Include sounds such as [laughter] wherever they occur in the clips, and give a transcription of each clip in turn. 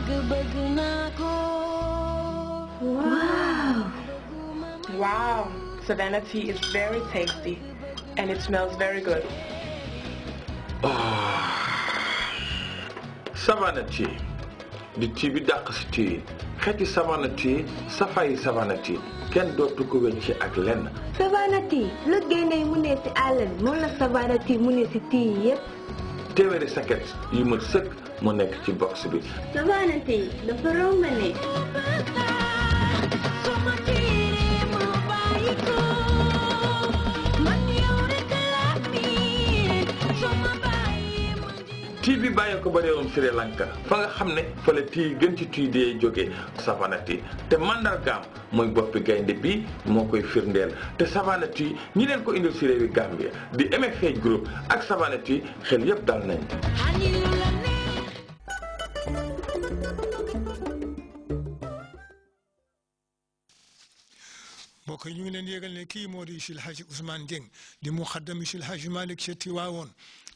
Wow. Wow. Savannah tea is very tasty and it smells very good. Oh. [sighs] Savannah tea. the tii bi dàq si tii yi xeeti savana tii safa yi savana tii kenn dootu ko wecce ak lenn savana tii lu àll bi moom la savana tii mu ne si tii yi mu nekk ci box bi. sabaanante dafa romb ne. tii bi bàyyi ko ba réewum Sri Lanka fa nga xam ne fa la tii gën ci tuy dee jógee savana tii te mandargaam mooy boppi gaynde bi moo koy firndeel te savana tii ñi leen ko indil si réewi bi di MFA group ak savana tii xel yëpp dal nañ mbokk yi ñu ngi leen yégal ne kii moo di Cheikh El Hadj Ousmane Dieng di mu xaddami Cheikh El Hadj Malick ca Tiwaawoon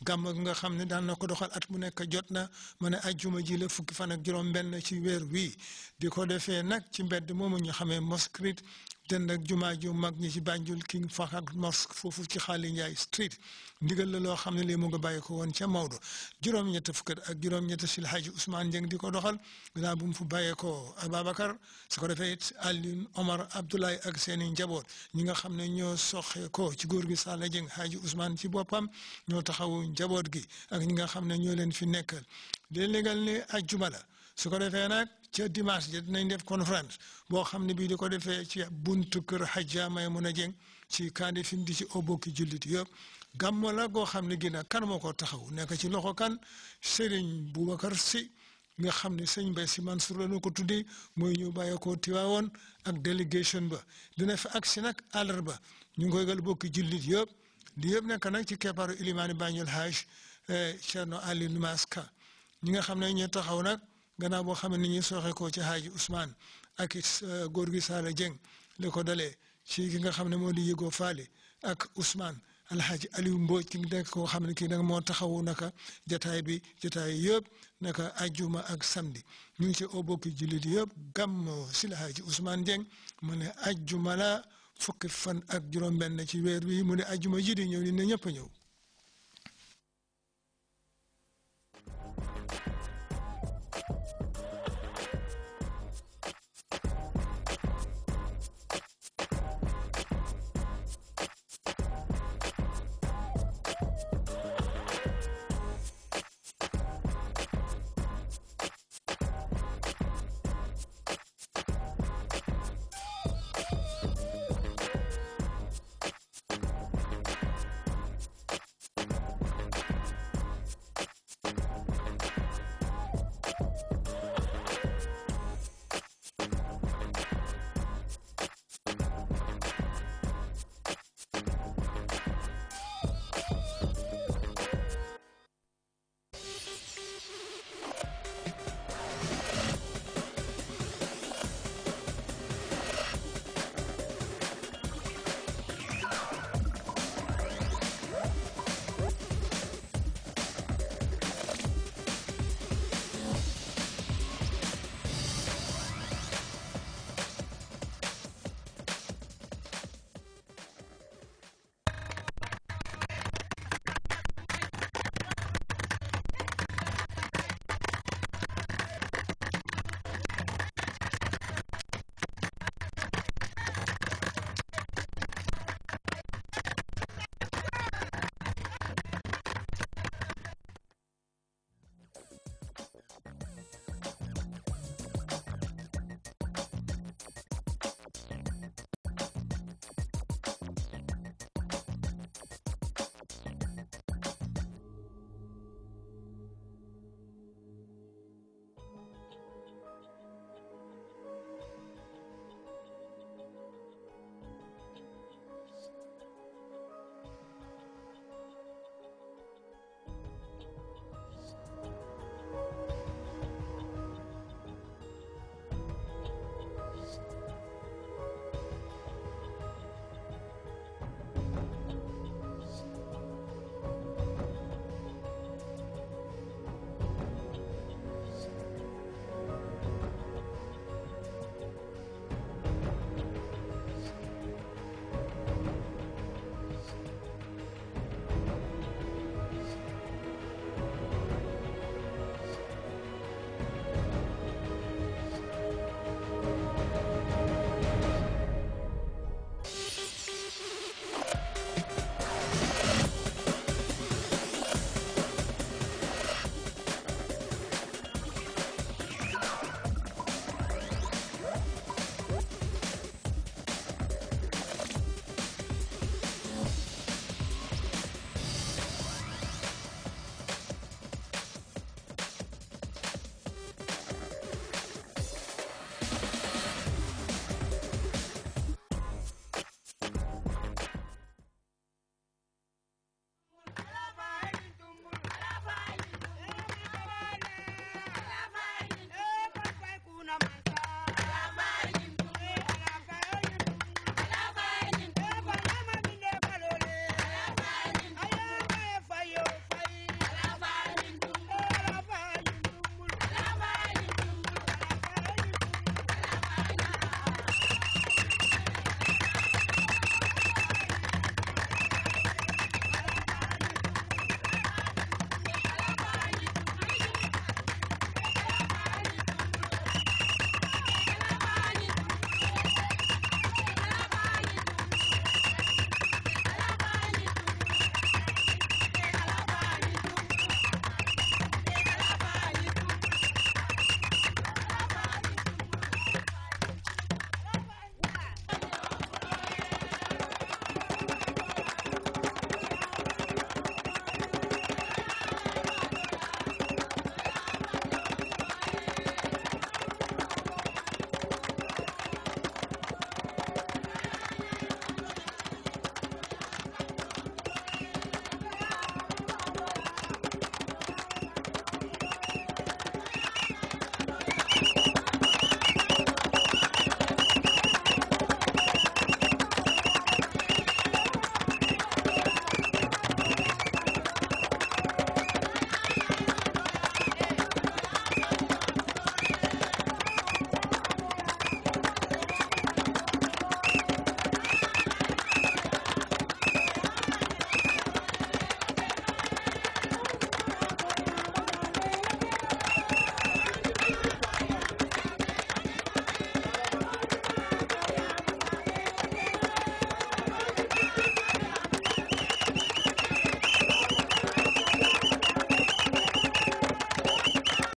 gàmm gi nga xam ne daan na ko doxal at mu nekk jot na ma ne ajjuma ji la fukki fan ak juróom benn ci weer wii di ko defee nag ci mbedd moomu ñu xamee mosquée den ak jumaa ju mag ñi ci Banjul King Fahad Mosque foofu ci Xaali Njaay street ndigal la loo xam ne lii mu nga bàyyi ko woon ca Maodo juróom-ñett fukk ak juróom-ñett si Alxaaji Ousmane Njeng di ko doxal gannaaw bu mu fu bàyyee ko Ababacar su ko defee it Alioune Omar Abdoulaye ak seeni njaboot ñi nga xam ne ñoo soxe ko ci góor gi Sala Jeng Xaaji Ousmane ci boppam ñoo taxawu njaboot gi ak ñi nga xam ne ñoo leen fi nekkal léeg-léegal ne ajjuma la su ko ca dimanche ji dinañ def conférence boo xam ne bii di ko defee ci buntu kër Hajja Maymuna Jeng ci kandi fim di ci bokki jullit yëpp gàmmo la goo xam ne gina kan moo ko taxaw nekk ci loxo kan Serigne Boubacar si nga xam ni sëñ Mbaye Sy Mansour la ñu ko tuddee mooy ñu bàyyeekoo Tiwaawoon ak délégation ba dina fi agsi nag àllarba ñu ngi koy gal bokki jullit yëpp di yëpp nekk nag ci keppaaru Ilimaani Bañul Hajj eh, Thierno Aliou Maska ñi nga xam ne ñoo taxaw nag. gannaaw boo xam ne ni ñuy sooxeekoo ci Haaji Ousmane ak euh, góor gi Saala Dieng li ko dalee ci ki nga xam ne moo di Yego Faali ak Ousmane Alhaji Aliou Mbodj ki nekk koo xam ne kii nag moo taxawu naka jataay bi jataay yëpp naka ajjuma ak samdi ñu ngi ci oo bokki jullit yëpp gàmmu si la Haaji Ousmane Dieng mu ne ajjuma la fukki fan ak juróom-benn ci weer wi mu ne ajjuma ji di ñëw ni ne ñëpp ñëw.